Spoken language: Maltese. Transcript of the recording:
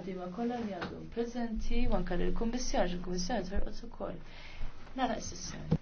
l kolla kollha li għadhom prezenti, u anke lill il il-kummissarju u koll. Nara s-sessjoni.